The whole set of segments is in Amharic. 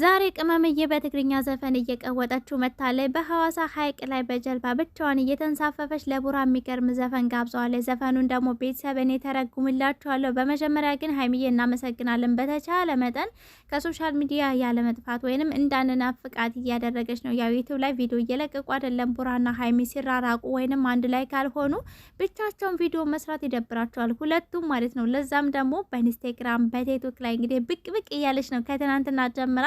ዛሬ ቅመምዬ በትግርኛ ዘፈን እየቀወጠችው መታለይ። በሐዋሳ ሐይቅ ላይ በጀልባ ብቻዋን እየተንሳፈፈች ለቡራ የሚገርም ዘፈን ጋብዘዋለች። ዘፈኑን ደግሞ ቤተሰብ እኔ ተረጉምላችኋለሁ። በመጀመሪያ ግን ሀይሚዬ እናመሰግናለን። በተቻለ መጠን ከሶሻል ሚዲያ ያለመጥፋት ወይንም እንዳንናፍቃት እያደረገች ነው። ያው ዩቱብ ላይ ቪዲዮ እየለቀቁ አይደለም። ቡራና ሀይሚ ሲራራቁ ወይንም አንድ ላይ ካልሆኑ ብቻቸውን ቪዲዮ መስራት ይደብራቸዋል፣ ሁለቱም ማለት ነው። ለዛም ደግሞ በኢንስታግራም በቲክቶክ ላይ እንግዲህ ብቅ ብቅ እያለች ነው ከትናንትና ጀምራ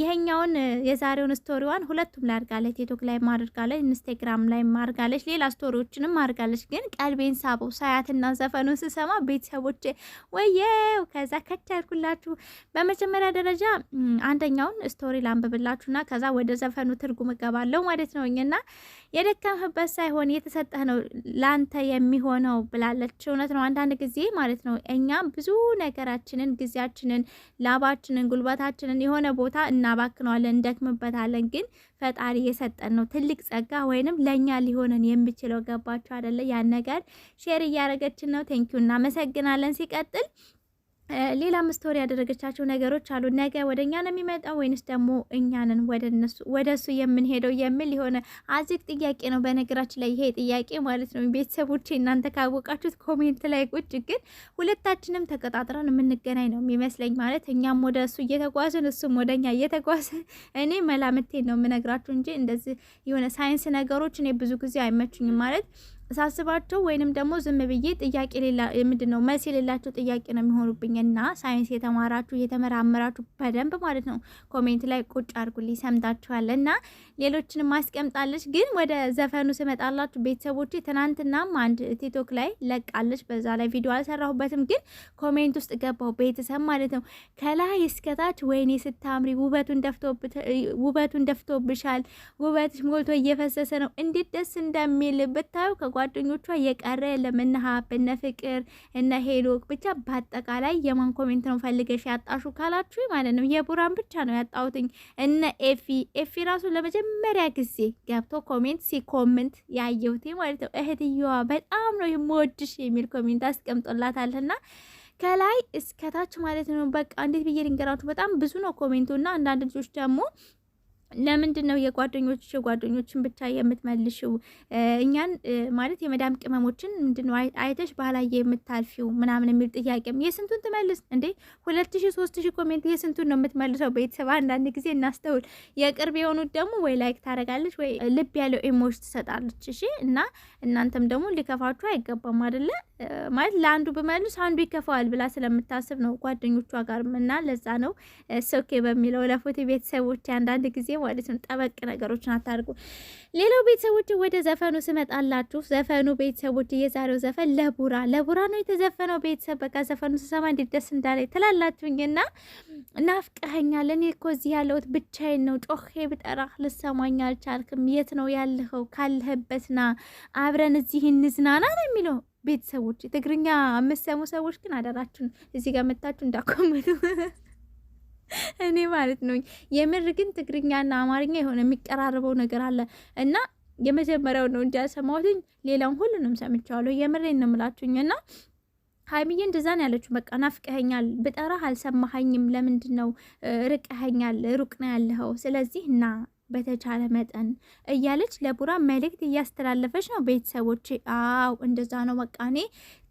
ይሄኛውን የዛሬውን ስቶሪዋን ሁለቱም ላይ አድርጋለች። ቲክቶክ ላይ ማድርጋለች፣ ኢንስታግራም ላይ ማድርጋለች፣ ሌላ ስቶሪዎችንም አድርጋለች። ግን ቀልቤን ሳበው ሳያትና ዘፈኑን ስሰማ ቤተሰቦች ወየው ከዛ ከቻ ያልኩላችሁ። በመጀመሪያ ደረጃ አንደኛውን ስቶሪ ላንብብላችሁና ከዛ ወደ ዘፈኑ ትርጉም እገባለሁ ማለት ነው። እና የደከምህበት ሳይሆን የተሰጠህ ነው ላንተ የሚሆነው ብላለች። እውነት ነው። አንዳንድ ጊዜ ማለት ነው እኛም ብዙ ነገራችንን፣ ጊዜያችንን፣ ላባችንን፣ ጉልበታችንን የሆነ ቦታ እናባክነዋለን፣ እንደክምበታለን። ግን ፈጣሪ የሰጠን ነው ትልቅ ጸጋ ወይንም ለእኛ ሊሆነን የሚችለው ገባችሁ አደለ? ያን ነገር ሼር እያደረገችን ነው። ቴንኪዩ እናመሰግናለን። ሲቀጥል ሌላ ምስቶሪ ያደረገቻቸው ነገሮች አሉ። ነገ ወደ እኛ ነው የሚመጣው ወይንስ ደግሞ እኛንን ወደ እሱ የምንሄደው የሚል የሆነ አዚቅ ጥያቄ ነው። በነገራችን ላይ ይሄ ጥያቄ ማለት ነው ቤተሰቦቼ፣ እናንተ ካወቃችሁት ኮሜንት ላይ ቁጭ። ግን ሁለታችንም ተቀጣጥረን የምንገናኝ ነው የሚመስለኝ። ማለት እኛም ወደ እሱ እየተጓዝን እሱም ወደ እኛ እየተጓዝ እኔ መላምቴን ነው የምነግራችሁ እንጂ እንደዚህ የሆነ ሳይንስ ነገሮች እኔ ብዙ ጊዜ አይመቹኝም ማለት ሳስባቸው ወይንም ደግሞ ዝም ብዬ ጥያቄ ሌላ ምንድን ነው መልስ የሌላቸው ጥያቄ ነው የሚሆኑብኝ። እና ሳይንስ የተማራችሁ የተመራመራችሁ በደንብ ማለት ነው ኮሜንት ላይ ቁጭ አድርጉልኝ፣ ሰምታችኋል። እና ሌሎችን ማስቀምጣለች። ግን ወደ ዘፈኑ ስመጣላችሁ ቤተሰቦች፣ ትናንትናም አንድ ቲክቶክ ላይ ለቃለች። በዛ ላይ ቪዲዮ አልሰራሁበትም፣ ግን ኮሜንት ውስጥ ገባው ቤተሰብ ማለት ነው ከላይ እስከታች። ወይኔ ስታምሪ፣ ውበቱን ደፍቶብሻል፣ ውበትሽ ሞልቶ እየፈሰሰ ነው። እንዴት ደስ እንደሚል ብታዩ ከጓ ጓደኞቿ የቀረ ለምነ ሀብ እነ ፍቅር እነ ሄሎክ ብቻ በአጠቃላይ የማን ኮሜንት ነው ፈልገሽ ያጣሹ ካላችሁ ማለት ነው የቡራን ብቻ ነው ያጣሁትኝ። እነ ኤፊ ኤፊ ራሱ ለመጀመሪያ ጊዜ ገብቶ ኮሜንት ሲኮምንት ያየሁት ማለት ነው። እህትየዋ በጣም ነው የምወድሽ የሚል ኮሜንት አስቀምጦላታልና ከላይ እስከታች ማለት ነው። በቃ እንዴት ብዬ ልንገራችሁ፣ በጣም ብዙ ነው ኮሜንቱ እና አንዳንድ ልጆች ደግሞ ለምንድን ነው የጓደኞች ጓደኞችን ብቻ የምትመልሽው? እኛን ማለት የመዳም ቅመሞችን ምንድን ነው አይተሽ ባህላዬ የምታልፊው ምናምን የሚል ጥያቄም የስንቱን ትመልስ እንዴ? ሁለት ሺ ሶስት ሺ ኮሜንት የስንቱን ነው የምትመልሰው? ቤተሰብ አንዳንድ ጊዜ እናስተውል። የቅርብ የሆኑት ደግሞ ወይ ላይክ ታደርጋለች ወይ ልብ ያለው ኢሞች ትሰጣለች። እሺ እና እናንተም ደግሞ ሊከፋችሁ አይገባም አይደለ? ማለት ለአንዱ ብመልስ አንዱ ይከፋዋል ብላ ስለምታስብ ነው ጓደኞቿ ጋር እና ለዛ ነው ሶኬ በሚለው ለፎቴ ቤተሰቦች አንዳንድ ጊዜ ማለት ነው ጠበቅ ነገሮችን አታርጉ። ሌላው ቤተሰቦች ወደ ዘፈኑ ስመጣላችሁ ዘፈኑ ቤተሰቦች የዛሬው ዘፈን ለቡራ ለቡራ ነው የተዘፈነው። ቤተሰብ በቃ ዘፈኑ ስሰማ እንዴት ደስ እንዳለ ትላላችሁኝና ናፍቀኸኛል። እኔ እኮ እዚህ ያለሁት ብቻዬን ነው። ጮኼ ብጠራህ ልሰማኝ አልቻልክም። የት ነው ያለኸው? ካለህበትና አብረን እዚህ እንዝናና ነው የሚለው ቤተሰቦች ትግርኛ የምትሰሙ ሰዎች ግን አደራችሁን እዚህ ጋር መታችሁ እንዳኮመቱ እኔ ማለት ነው። የምር ግን ትግርኛና አማርኛ የሆነ የሚቀራርበው ነገር አለ እና የመጀመሪያው ነው እንጂ ያልሰማሁትኝ ሌላውን ሁሉንም ሰምቻዋለሁ። የምር እንምላችሁኝ እና ሀይሚዬ እንደዛ ነው ያለችው። በቃ ናፍቀኸኛል፣ ብጠራህ አልሰማኸኝም። ለምንድን ነው ርቀኸኛል? ሩቅ ነው ያለኸው። ስለዚህ ና በተቻለ መጠን እያለች ለቡራ መልእክት እያስተላለፈች ነው። ቤተሰቦች አው እንደዛ ነው በቃ እኔ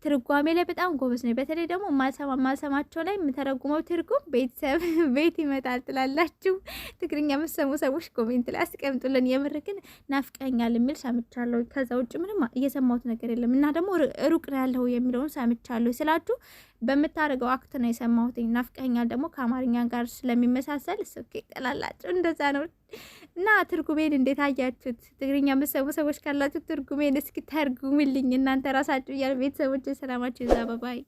ትርጓሜ ላይ በጣም ጎበዝ ነው በተለይ ደግሞ ማልሰማ ማልሰማቸው ላይ የምተረጉመው ትርጉም ቤተሰብ ቤት ይመጣል ትላላችሁ። ትግርኛ የምትሰሙ ሰዎች ኮሜንት ላይ አስቀምጡልን። የምር ግን ናፍቀኛል የሚል ሰምቻለሁ። ከዛ ውጭ ምንም እየሰማሁት ነገር የለም እና ደግሞ ሩቅ ነው ያለው የሚለውን ሰምቻለሁ ስላችሁ በምታደርገው አክት ነው የሰማሁት። ናፍቀኛል ደግሞ ከአማርኛ ጋር ስለሚመሳሰል ስኬ ይጠላላችሁ። እንደዛ ነው እና ትርጉሜን እንዴት አያችሁት? ትግርኛ የምትሰሙ ሰዎች ካላችሁ ትርጉሜን እስኪ ተርጉምልኝ እናንተ ራሳችሁ እያል ቤተሰቦች ሰላማችሁ ይዛ። ባባይ